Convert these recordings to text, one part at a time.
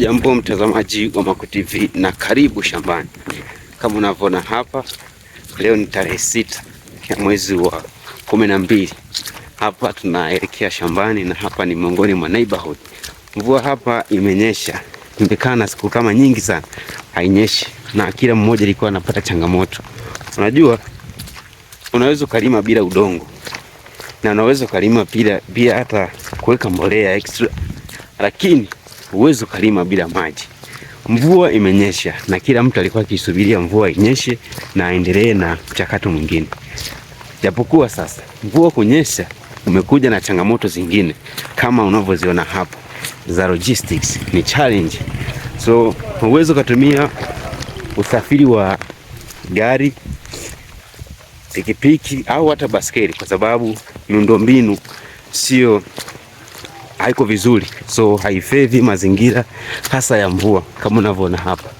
Hujambo mtazamaji wa Maco TV na karibu shambani. Kama unavyoona hapa, leo ni tarehe sita ya mwezi wa kumi na mbili. Hapa tunaelekea shambani na hapa ni miongoni mwa neighborhood. Mvua hapa imenyesha, imekaa na siku kama nyingi sana hainyeshi, na kila mmoja alikuwa anapata changamoto. Unajua, unaweza ukalima bila udongo na unaweza ukalima bila bila hata kuweka mbolea extra, lakini huwezi ukalima bila maji. Mvua imenyesha na kila mtu alikuwa akisubiria mvua inyeshe na aendelee na mchakato mwingine, japokuwa sasa mvua kunyesha umekuja na changamoto zingine kama unavyoziona hapo za logistics, ni challenge. So huwezi ukatumia usafiri wa gari, pikipiki au hata baskeli kwa sababu miundombinu sio haiko vizuri, so haifevi mazingira hasa ya mvua. Kama unavyoona hapa,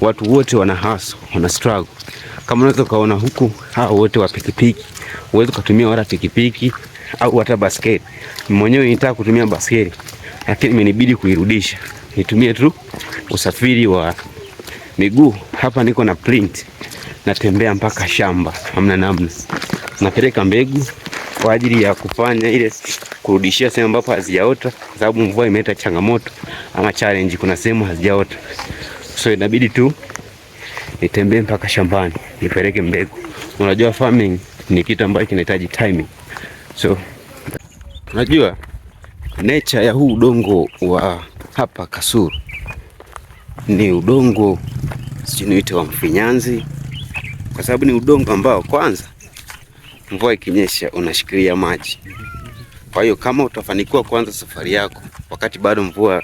watu wote wana hustle, wana struggle. Kama unaweza ukaona huku, hao wote wa pikipiki, uweze kutumia wala pikipiki au hata basket. Mwenyewe nitaka kutumia basket, lakini imenibidi kuirudisha nitumie tu usafiri wa miguu. Hapa niko na print, natembea mpaka shamba, hamna namna, napeleka mbegu kwa ajili ya kufanya ile kurudishia sehemu ambapo hazijaota, kwa sababu mvua imeleta changamoto ama challenge. Kuna sehemu hazijaota, so inabidi tu nitembee mpaka shambani nipeleke mbegu. Unajua farming ni kitu ambacho kinahitaji timing, so unajua nature ya huu udongo wa hapa Kasulu ni udongo sijui niite wa mfinyanzi, kwa sababu ni udongo ambao kwanza mvua ikinyesha unashikilia maji. Kwa hiyo kama utafanikiwa kuanza safari yako wakati bado mvua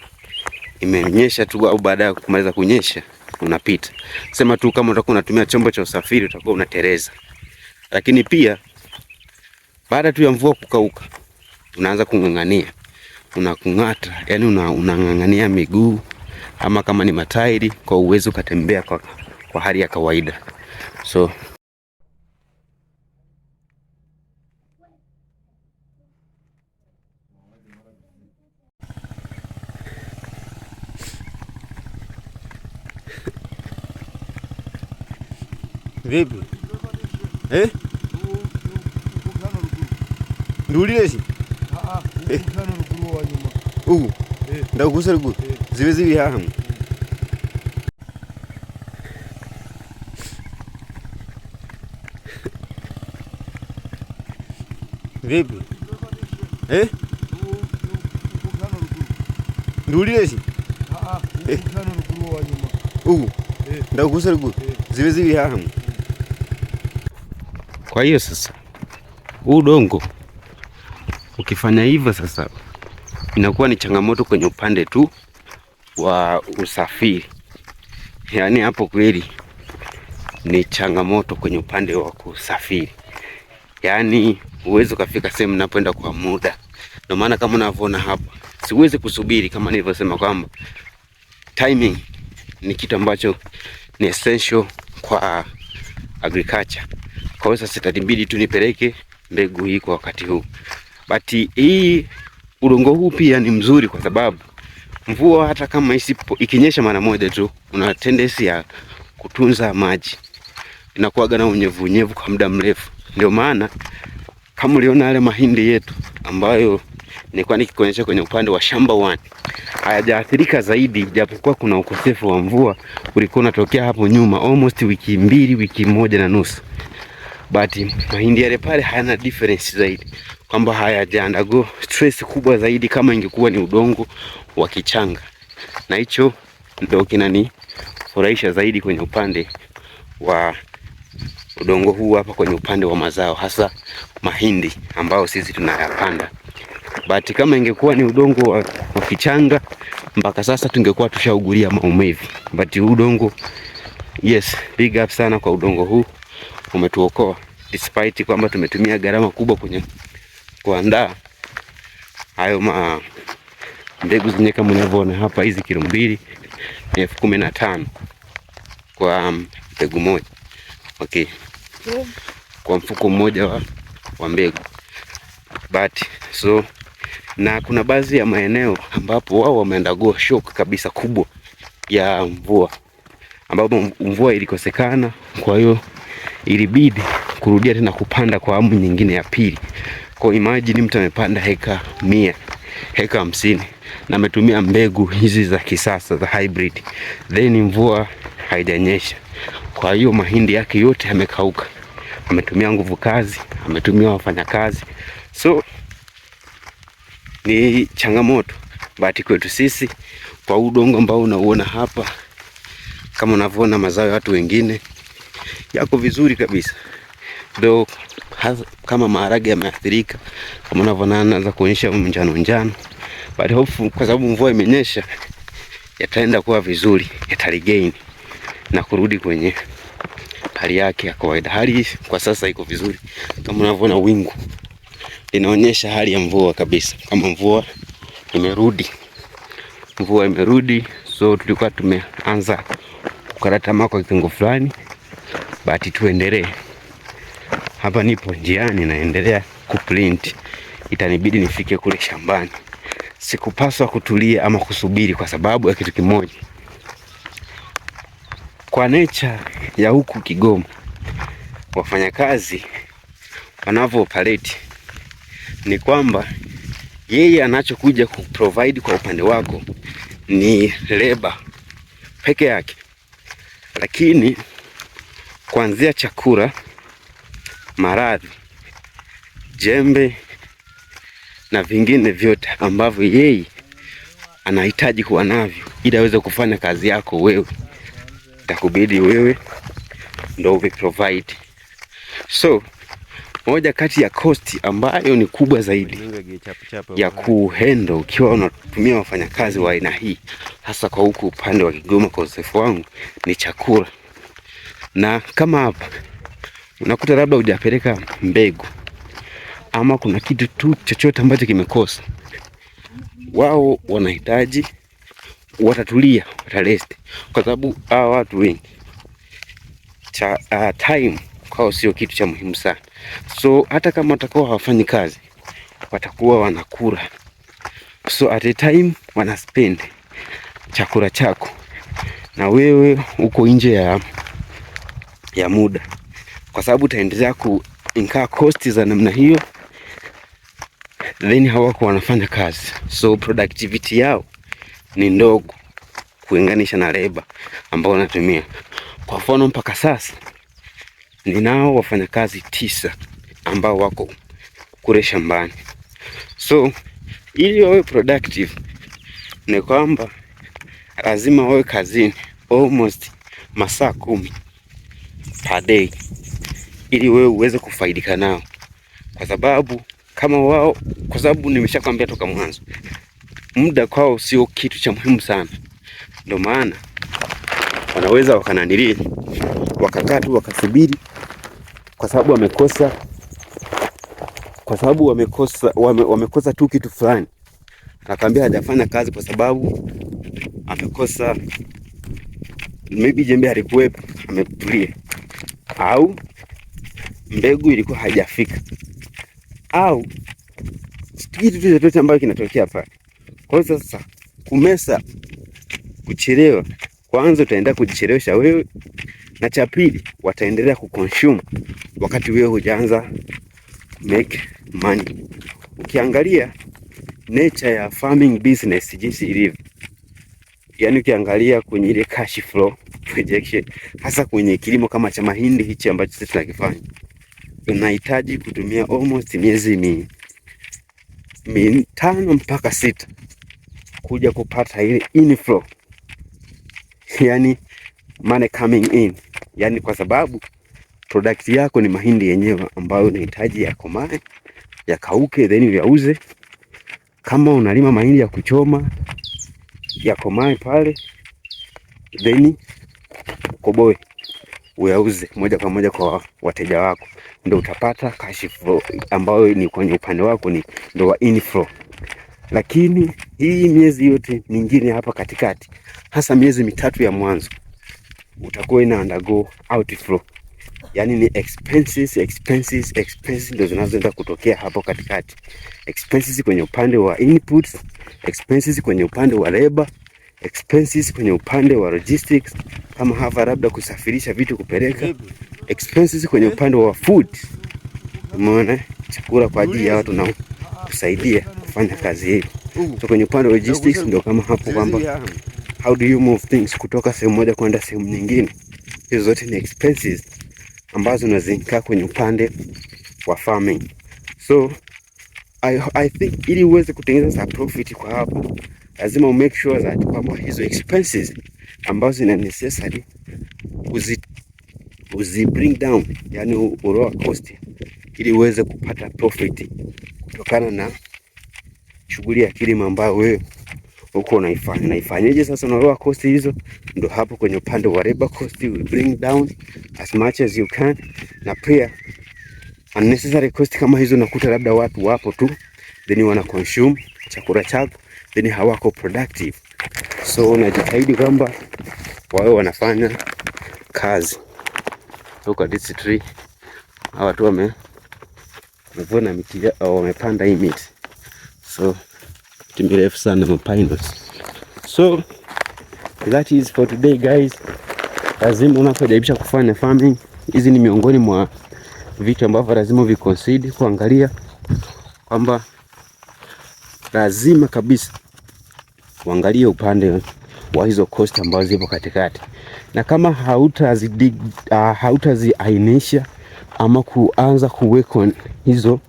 imenyesha tu au baada ya kumaliza kunyesha unapita. Sema tu kama utakuwa unatumia chombo cha usafiri utakuwa unatereza. Lakini pia baada tu ya mvua kukauka unaanza kung'ang'ania. Unakung'ata, yani una, unang'ang'ania miguu ama kama ni matairi kwa uwezo ukatembea kwa, kwa hali ya kawaida. So Vipi? Eh? Ndulilesi? Eh. Ugu. Ndakusa rugu. Zive zivi hahamu. Vipi? Eh? Ndulilesi? Eh. Ugu. Ndakusa rugu. Zive zivi hahamu. Kwa hiyo sasa huu udongo ukifanya hivyo sasa inakuwa ni changamoto kwenye upande tu wa usafiri, yaani hapo kweli ni changamoto kwenye upande wa kusafiri, yaani huwezi ukafika sehemu ninapoenda kwa muda. Ndio maana kama unavyoona hapa, siwezi kusubiri, kama nilivyosema kwamba timing ni kitu ambacho ni essential kwa agriculture. Kwa hiyo sasa itabidi tu nipeleke mbegu hii kwa wakati huu. But hii udongo huu pia ni mzuri kwa sababu mvua hata kama isipo ikinyesha mara moja tu, una tendency ya kutunza maji, inakuwaga na unyevu unyevu kwa muda mrefu. Ndio maana kama uliona yale mahindi yetu ambayo nilikuwa nikikuonyesha kwenye upande wa shamba wani, hayajaathirika zaidi, japokuwa kuna ukosefu wa mvua ulikuwa unatokea hapo nyuma almost wiki mbili, wiki moja na nusu but mahindi uh, yale pale hayana difference zaidi, kwamba hayajaandago stress kubwa zaidi kama ingekuwa ni udongo wa kichanga, na hicho ndio kinanifurahisha zaidi kwenye upande wa udongo huu hapa, kwenye upande wa mazao hasa mahindi ambayo sisi tunayapanda. But kama ingekuwa ni udongo wa, wa kichanga mpaka sasa tungekuwa tushaugulia maumivu. But udongo yes, big up sana kwa udongo huu umetuokoa despite kwamba tumetumia gharama kubwa kwenye kuandaa hayo ma mbegu zenye kama unavyoona hapa, hizi kilo mbili ni elfu kumi na tano kwa mbegu moja okay, kwa mfuko mmoja wa, wa mbegu but so na kuna baadhi ya maeneo ambapo wao wameenda go shock kabisa kubwa ya mvua ambapo mvua ilikosekana, kwa hiyo ilibidi kurudia tena kupanda kwa awamu nyingine ya pili. Kwa imagine mtu amepanda heka mia heka hamsini na ametumia mbegu hizi za kisasa za hybrid, then mvua haijanyesha, kwa hiyo mahindi yake yote yamekauka. Ametumia nguvu kazi, ametumia wafanyakazi, so ni changamoto. Bahati kwetu sisi kwa udongo ambao unauona hapa, kama unavyoona mazao ya watu wengine yako vizuri kabisa, ndio kama maharage yameathirika kama unavyoona anaanza kuonyesha njano njano, but hofu kwa sababu mvua imenyesha, yataenda kuwa vizuri, yatarigain na kurudi kwenye hali yake ya kawaida. Hali kwa sasa iko vizuri, kama unavyoona wingu linaonyesha hali ya mvua kabisa, kama mvua imerudi, mvua imerudi. So tulikuwa tumeanza kukarata mako kitengo fulani basi tuendelee. Hapa nipo njiani, naendelea kuprint, itanibidi nifike kule shambani. Sikupaswa kutulia ama kusubiri kwa sababu ya kitu kimoja. Kwa nature ya huku Kigoma, wafanyakazi wanavyoopareti ni kwamba yeye anachokuja kuprovide kwa upande wako ni leba peke yake, lakini kuanzia chakula, maradhi, jembe na vingine vyote ambavyo yeye anahitaji kuwa navyo ili aweze kufanya kazi yako wewe, takubidi wewe ndo uwe provide. So moja kati ya kosti ambayo ni kubwa zaidi ya kuhendo ukiwa unatumia wafanyakazi wa aina hii, hasa kwa huku upande wa Kigoma, kwa uzoefu wangu ni chakula na kama hapa unakuta labda hujapeleka mbegu ama kuna kitu tu chochote ambacho kimekosa, wao wanahitaji, watatulia, watarest, kwa sababu hawa watu wengi cha uh, time kwao sio kitu cha muhimu sana. So hata kama watakuwa hawafanyi kazi, watakuwa wanakula, so at a time wanaspend chakula chako, na wewe uko nje ya ya muda, kwa sababu utaendelea ku incur cost za namna hiyo, then hawako wanafanya kazi, so productivity yao ni ndogo kulinganisha na leba ambao wanatumia. Kwa mfano mpaka sasa ninao wafanyakazi tisa ambao wako kule shambani. So ili wawe productive ni kwamba lazima wawe kazini almost masaa kumi per day, ili wewe uweze kufaidika nao, kwa sababu kama wao, kwa sababu nimeshakwambia toka mwanzo, muda kwao sio kitu cha muhimu sana. Ndio maana wanaweza wakananilia wakakaa tu wakasubiri, kwa sababu wamekosa, kwa sababu wamekosa, wame, wamekosa tu kitu fulani. nakwambia hajafanya kazi kwa sababu amekosa, maybe jembe alikuwepo ametulia au mbegu ilikuwa haijafika au kitu chochote ambacho kinatokea pale. Kwa hiyo sasa kumesa kuchelewa, kwanza utaenda kujichelewesha wewe, na cha pili wataendelea kukonsume wakati wewe hujaanza make money. Ukiangalia nature ya farming business jinsi ilivyo yani ukiangalia kwenye ile cash flow projection, hasa kwenye kilimo kama cha mahindi hichi ambacho sisi tunakifanya, tunahitaji kutumia almost miezi mi mitano mpaka sita kuja kupata ile inflow, yani money coming in, yani kwa sababu product yako ni mahindi yenyewe ambayo unahitaji yakomae, yakauke, then uyauze. Kama unalima mahindi ya kuchoma yakomae pale, then ukoboe uyauze moja kwa moja kwa wateja wako, ndio utapata cash flow ambayo ni kwenye upande wako ni ndio wa inflow. Lakini hii miezi yote mingine hapa katikati, hasa miezi mitatu ya mwanzo, utakuwa ina undergo outflow yani ni expenses, expenses, expenses ndio zinazoenda kutokea hapo katikati. Expenses kwenye upande wa inputs, expenses kwenye upande wa labor, expenses kwenye upande wa logistics kama hapa labda kusafirisha vitu kupeleka, expenses kwenye upande wa food, umeona chakula kwa ajili ya watu na kusaidia kufanya kazi hiyo. So kwenye upande wa logistics ndio kama hapo kwamba how do you move things kutoka sehemu moja kwenda sehemu nyingine, hizo zote ni expenses ambazo unazikaa kwenye upande wa farming. So I, I think ili uweze kutengeneza profit kwa hapo lazima umake sure that kwamba hizo expenses ambazo ni necessary uzi, uzi bring down, yani uroa cost ili uweze kupata profit kutokana na shughuli ya kilimo ambayo wewe huko unaifanya naifanyaje? Sasa unaroa cost hizo, ndo hapo kwenye upande wa labor cost you bring down as much as you can, na pia unnecessary cost kama hizo, nakuta labda watu wapo tu then wana consume chakula chako then hawako productive, so unajitahidi kwamba wao wanafanya kazi this tree, Hawa watu wamevuna miti, wamepanda hii miti so miti mirefu sana mapinos. So that is for today guys. Lazima unapojaribisha kufanya farming, hizi ni miongoni mwa vitu ambavyo lazima vikonsidi kuangalia kwamba lazima kabisa uangalie upande wa hizo cost ambazo zipo katikati, na kama ah, hautaziainisha uh, hauta ama kuanza kuwekon hizo,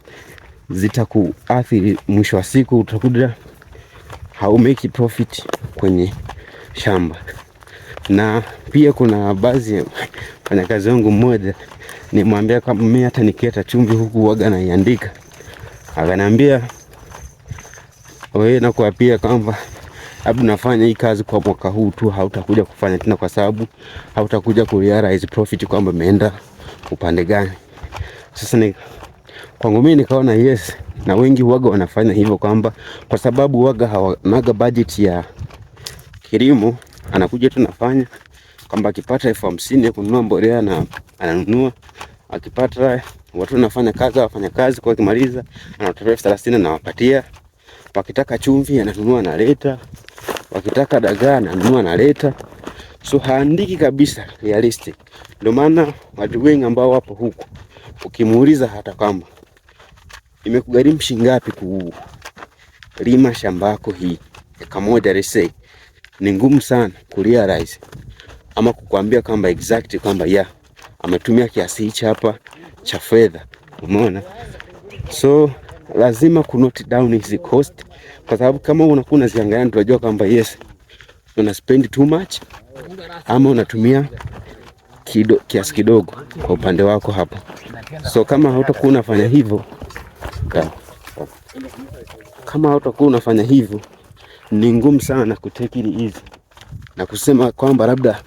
zitakuathiri mwisho wa siku utakuta haumeki profit kwenye shamba. Na pia kuna baadhi ya wafanyakazi wangu, mmoja nimwambia kama mimi hata nikieta chumvi huku waga naiandika, akaniambia wewe, pia kwamba labda nafanya hii kazi kwa mwaka huu tu, hautakuja kufanya tena, kwa sababu hautakuja kurealize profit kwamba imeenda upande gani. Sasa ni Kwangu mimi nikaona yes, na wengi waga wanafanya hivyo kwamba kwa sababu waga hawanaga budget ya kilimo, anakuja tu nafanya kwamba akipata elfu hamsini ya kununua mbolea na ananunua, akipata watu wanafanya kazi wafanya kazi kwa kimaliza, anatoa elfu thelathini na wapatia, wakitaka chumvi ananunua analeta, wakitaka dagaa ananunua analeta. So haandiki kabisa realistic, ndio maana watu wengi ambao wapo huku ukimuuliza hata kwamba imekugharimu shilingi ngapi kulima shambako hii eka moja lese, ni ngumu sana kurealize ama kukwambia kwamba exact kwamba ya ametumia kiasi hichi hapa cha fedha, umeona. So lazima ku note down his cost, kwa sababu kama unakuwa unaziangalia, tunajua kwamba yes una spend too much ama unatumia kido, kiasi kidogo kwa upande wako hapo. So kama hautakuwa unafanya hivyo, kama hautakuwa unafanya hivyo, ni ngumu sana kuteki hizi na kusema kwamba labda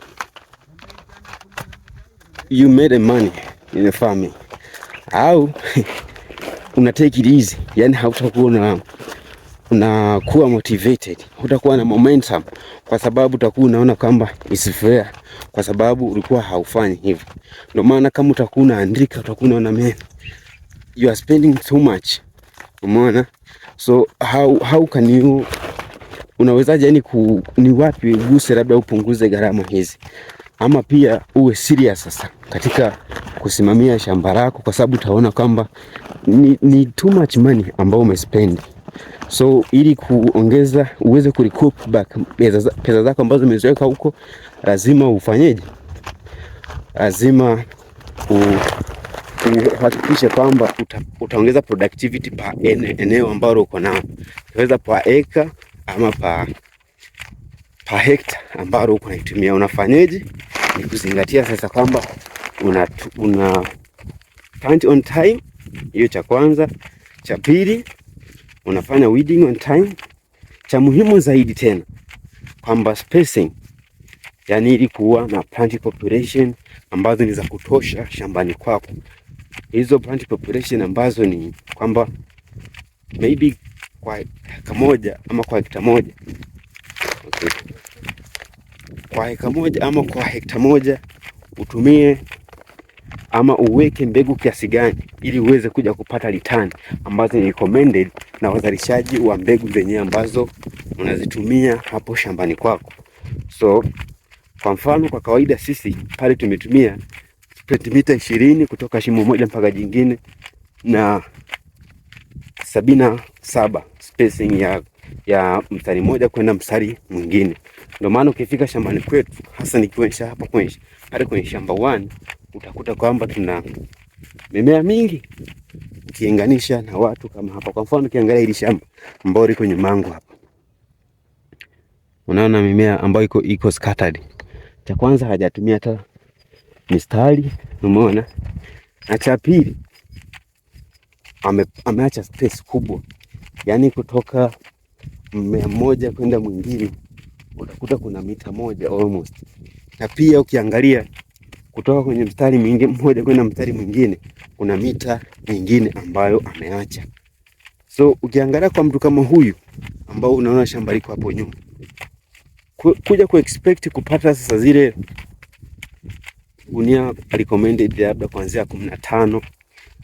you made a money in a farming au una take it easy, yani hautakuwa na unakuwa motivated, utakuwa na momentum, kwa sababu utakuwa unaona kwamba is fair kwa sababu ulikuwa haufanyi hivyo. Ndio maana kama utakuwa unaandika utakuwa unaona man you are spending too much, umeona? So how how can you unawezaje, yani ku, ni wapi uguse labda upunguze gharama hizi, ama pia uwe serious sasa katika kusimamia shamba lako, kwa sababu utaona kwamba ni, ni too much money ambao umespend. So ili kuongeza uweze ku recoup back pesa, zako ambazo umeziweka huko, lazima ufanyeje? Lazima uhakikishe kwamba uta, utaongeza productivity pa ene, eneo ambalo uko nao, unaweza pa eka ama pa, pa hekta ambalo uko naitumia. Unafanyeje? Ni kuzingatia sasa kwamba una, una count on time. Hiyo cha kwanza, cha pili unafanya weeding on time. Cha muhimu zaidi tena kwamba spacing, yani ili kuwa na plant population ambazo ni za kutosha shambani kwako. Hizo plant population ambazo ni kwamba maybe kwa heka moja ama kwa hekta moja okay. Kwa heka moja ama kwa hekta moja utumie ama uweke mbegu kiasi gani ili uweze kuja kupata return ambazo ni recommended na wazalishaji wa mbegu zenyewe ambazo unazitumia hapo shambani kwako. So kwa mfano, kwa kawaida sisi pale tumetumia sentimita ishirini kutoka shimo moja mpaka jingine na sabini na saba spacing ya, ya mstari mmoja kwenda mstari mwingine. Ndio maana ukifika shambani kwetu hasa nikiwa hapa kwenye hata kwenye shamba utakuta kwamba tuna mimea mingi ukiinganisha na watu kama hapa. Kwa mfano, ukiangalia hili shamba ambao liko nyuma yangu hapa, unaona mimea ambayo iko iko scattered. Cha kwanza hajatumia hata mistari, umeona, na cha pili ame, ameacha space kubwa, yaani kutoka mmea mmoja kwenda mwingine utakuta kuna mita moja almost, na pia ukiangalia kutoka kwenye mstari mwingine mmoja kwenda mstari mwingine kuna mita nyingine ambayo ameacha. So ukiangalia kwa mtu kama huyu ambao unaona shamba liko hapo nyuma, kuja ku expect kupata sasa zile gunia recommended labda kuanzia kumi na tano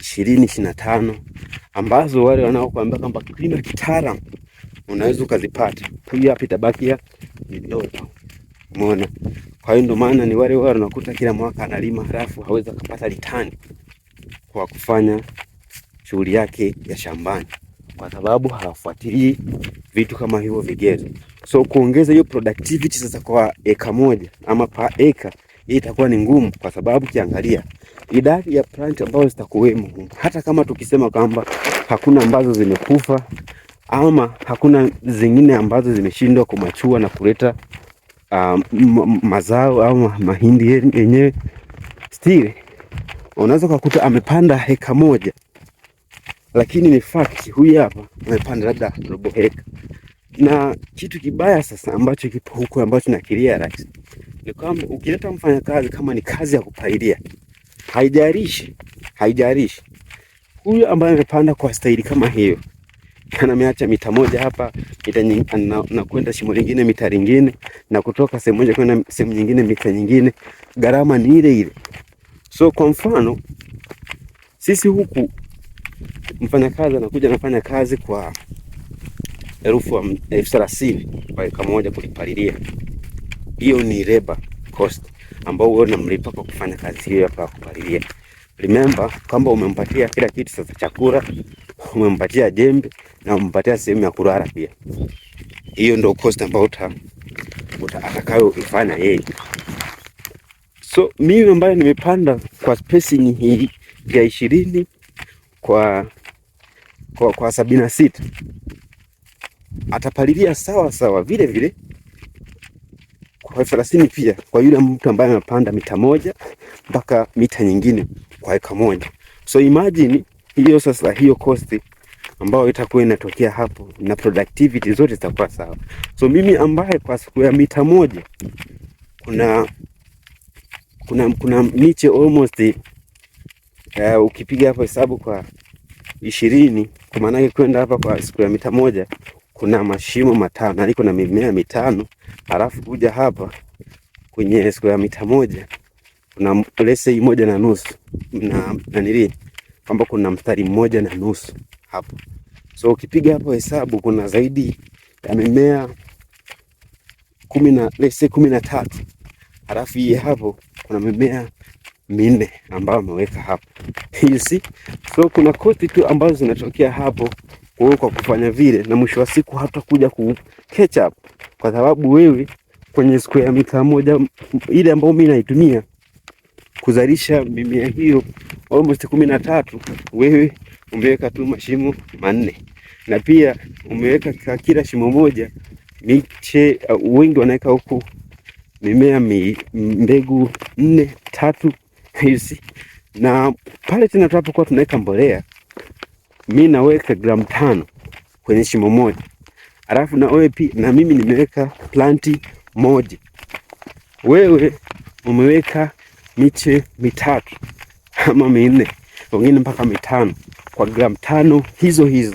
ishirini ishirini na tano ambazo wale wanaokuambia kwamba kilima kitaalam unaweza ukazipata, hiyo hapa itabakia ni ndoto. Umeona? Kwa hiyo ndio maana ni wale wale unakuta kila mwaka analima halafu hawezi kupata ritani kwa kufanya shughuli yake ya shambani, kwa sababu hawafuatilii vitu kama hivyo vigezo. So kuongeza hiyo productivity sasa kwa eka moja ama pa eka hii itakuwa ni ngumu, kwa sababu kiangalia idadi ya plant ambazo zitakuwemo, hata kama tukisema kwamba hakuna ambazo zimekufa ama hakuna zingine ambazo zimeshindwa kumachua na kuleta um, mazao au mahindi yenyewe stili unaweza kukuta amepanda heka moja, lakini ni fact huyu hapa amepanda labda robo heka. Na kitu kibaya sasa ambacho kipo huko ambacho nakilia rais ni kwamba ukileta mfanyakazi kama ni kazi ya kupalilia, haijarishi haijarishi huyu ambaye amepanda kwa staili kama hiyo kana ameacha mita moja hapa mita nyingine, na, na kwenda shimo lingine mita lingine, na kutoka sehemu moja kwenda sehemu nyingine mita nyingine, gharama ni ile ile. So kwa mfano sisi huku mfanyakazi anakuja anafanya kazi kwa elfu thelathini kwa eka moja kulipalilia, hiyo ni labor cost ambao wewe unamlipa kwa kufanya kazi hiyo ya kupalilia. Remember kwamba umempatia kila kitu, sasa chakula umempatia jembe na umempatia sehemu ya kulala pia. Hiyo ndio cost ambayo atakayoifanya yeye. So mimi ambaye nimepanda kwa spacing hii ya ishirini kwa, kwa, kwa sabini na sita atapalilia sawa sawa vile vile kwa thelathini pia kwa yule mtu ambaye amepanda mita moja mpaka mita nyingine kwa eka moja. So imagine hiyo sasa, hiyo cost ambayo itakuwa inatokea hapo na productivity zote zitakuwa sawa. So mimi ambaye kwa siku ya mita moja kuna kuna kuna miche almost uh, ukipiga hapo hesabu kwa ishirini kwa maana yake kwenda hapa kwa siku ya mita moja kuna mashimo matano na iko na mimea mitano, alafu kuja hapa kwenye siku ya mita moja kuna lesei moja na nusu na nanili kwamba kuna mstari mmoja na nusu hapo. So ukipiga hapo hesabu kuna zaidi ya mimea kumi na lese kumi na tatu halafu hii hapo kuna mimea minne ambayo ameweka hapo. You see? So kuna koti tu ambazo zinatokea hapo kwa kwa kufanya vile, na mwisho wa siku hatakuja ku catch up kwa sababu wewe kwenye square mita moja ile ambayo mimi naitumia kuzalisha mimea hiyo almost kumi na tatu, wewe umeweka tu mashimo manne, na pia umeweka kila shimo moja miche. Uh, wengi wanaweka huku mimea mi, mbegu nne tatu hizi, na pale tena tunapokuwa tunaweka mbolea, mi naweka gramu tano kwenye shimo moja, alafu na wewe pia, na mimi nimeweka planti moja, wewe umeweka miche mitatu ama minne, wengine mpaka mitano kwa gramu tano hizo hizo.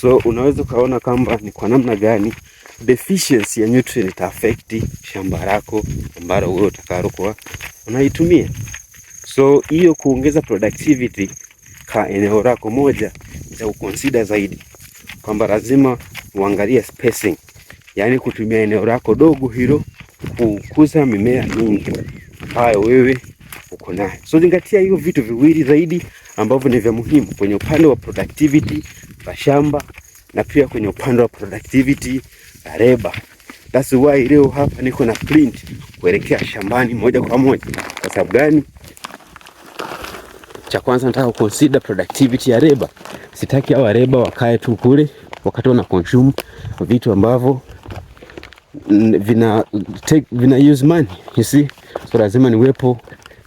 So unaweza ukaona kwamba ni kwa namna gani deficiency ya nutrient ita affect shamba lako ambalo wewe utakalokuwa unaitumia. So hiyo kuongeza productivity ka eneo lako moja za kuconsider zaidi kwamba lazima uangalie spacing, yaani kutumia eneo lako dogo hilo kukuza mimea mingi ambayo wewe uko nayo. So zingatia hiyo vitu viwili zaidi ambavyo ni vya muhimu kwenye upande wa productivity za shamba na pia kwenye upande wa productivity za reba. That's why leo hapa niko na print kuelekea shambani moja kwa moja. Kwa sababu gani? Cha kwanza nataka consider productivity ya reba. Sitaki hawa reba wakae tu kule wakati wana consume vitu ambavyo vina take, vina use money you see, so lazima niwepo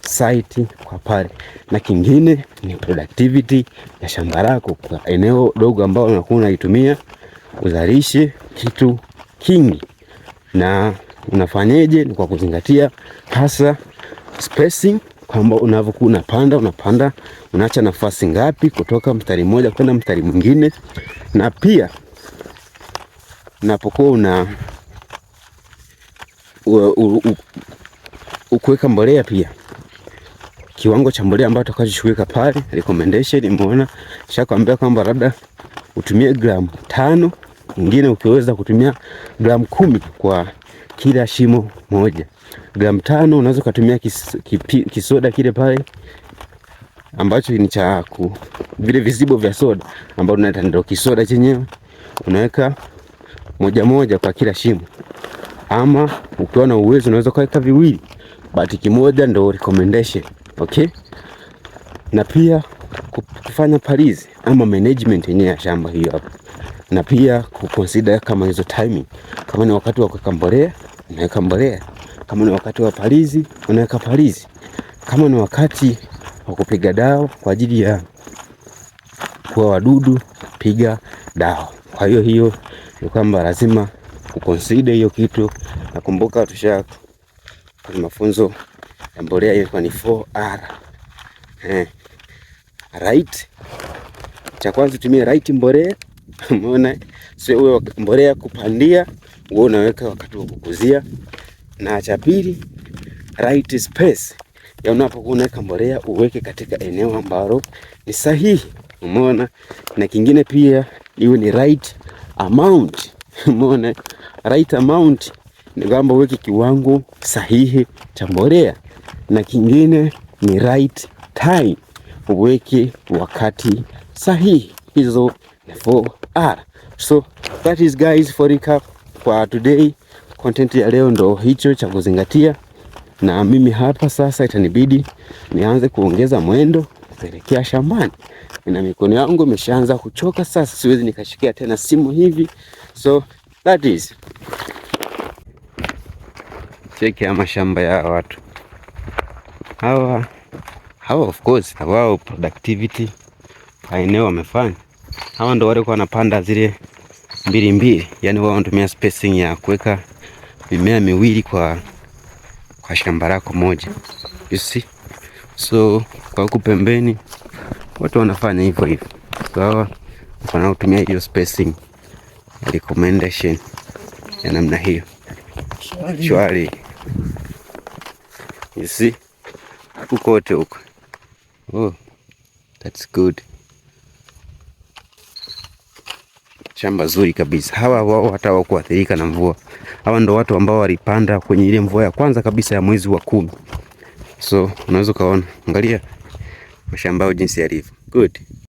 site kwa pale, na kingine ni productivity ya shamba lako kwa eneo dogo ambalo unakuwa unaitumia uzalishe kitu kingi. Na unafanyeje? Ni kwa kuzingatia hasa spacing, kwamba unavyokuwa unapanda unapanda, unaacha nafasi ngapi kutoka mstari mmoja kwenda mstari mwingine, na pia unapokuwa una ukuweka mbolea pia kiwango cha mbolea ambayo utakachoshughuka pale, recommendation imeona shakwambia kwamba labda utumie gramu tano, nyingine ukiweza kutumia gramu kumi kwa kila shimo moja. Gramu tano unaweza ukatumia kis, kipi, kisoda kile pale ambacho ni cha ku vile vizibo vya soda ambao tunaita ndio kisoda chenyewe, unaweka moja moja kwa kila shimo, ama ukiwa na uwezo unaweza ukaweka viwili, but kimoja ndio recommendation okay? na pia kufanya palizi ama management yenyewe ya shamba hiyo hapo, na pia kuconsider kama hizo timing, kama ni wakati wa kuweka mbolea unaweka mbolea, kama ni wakati wa palizi unaweka palizi, kama ni wakati wa kupiga dawa kwa ajili ya kuwa wadudu piga dawa. Kwa hiyo hiyo ni kwamba lazima kuconsider hiyo kitu. Nakumbuka tusha mafunzo na mbolea ilikuwa ni 4R. Eh. Right. Cha kwanza tumie right mbolea. Umeona? Sio wewe mbolea kupandia, wewe unaweka wakati wa kukuzia. Na cha pili right space. Ya unapokuwa unaweka mbolea uweke katika eneo ambalo ni sahihi. Umeona? Na kingine pia iwe ni right amount. Umeona? Right amount ni kwamba uweke kiwango sahihi cha mbolea na kingine ni right time, uweke wakati sahihi. Hizo ni 4R. So that is guys for recap kwa today. Content ya leo ndo hicho cha kuzingatia, na mimi hapa sasa itanibidi nianze kuongeza mwendo kuelekea shambani na mikono yangu imeshaanza kuchoka sasa, siwezi nikashikia tena simu hivi. So that is cheki ya mashamba ya watu hawa hawa, of course na wao productivity maeneo wamefanya hawa, ndo walikuwa wanapanda zile mbili mbili, yani wao wanatumia spacing ya kuweka mimea miwili kwa kwa shamba lako moja, you see. So kwa huku pembeni watu wanafanya hivyo hivyo, so hawa wanaotumia hiyo spacing recommendation ya namna hiyo, shwari, you see kukote huko. Oh, that's good. Shamba zuri kabisa. Hawa wao hata hawakuathirika na mvua. Hawa ndo watu ambao walipanda kwenye ile mvua ya kwanza kabisa ya mwezi wa kumi. So unaweza ukaona, angalia mashamba yao jinsi yalivyo. Good.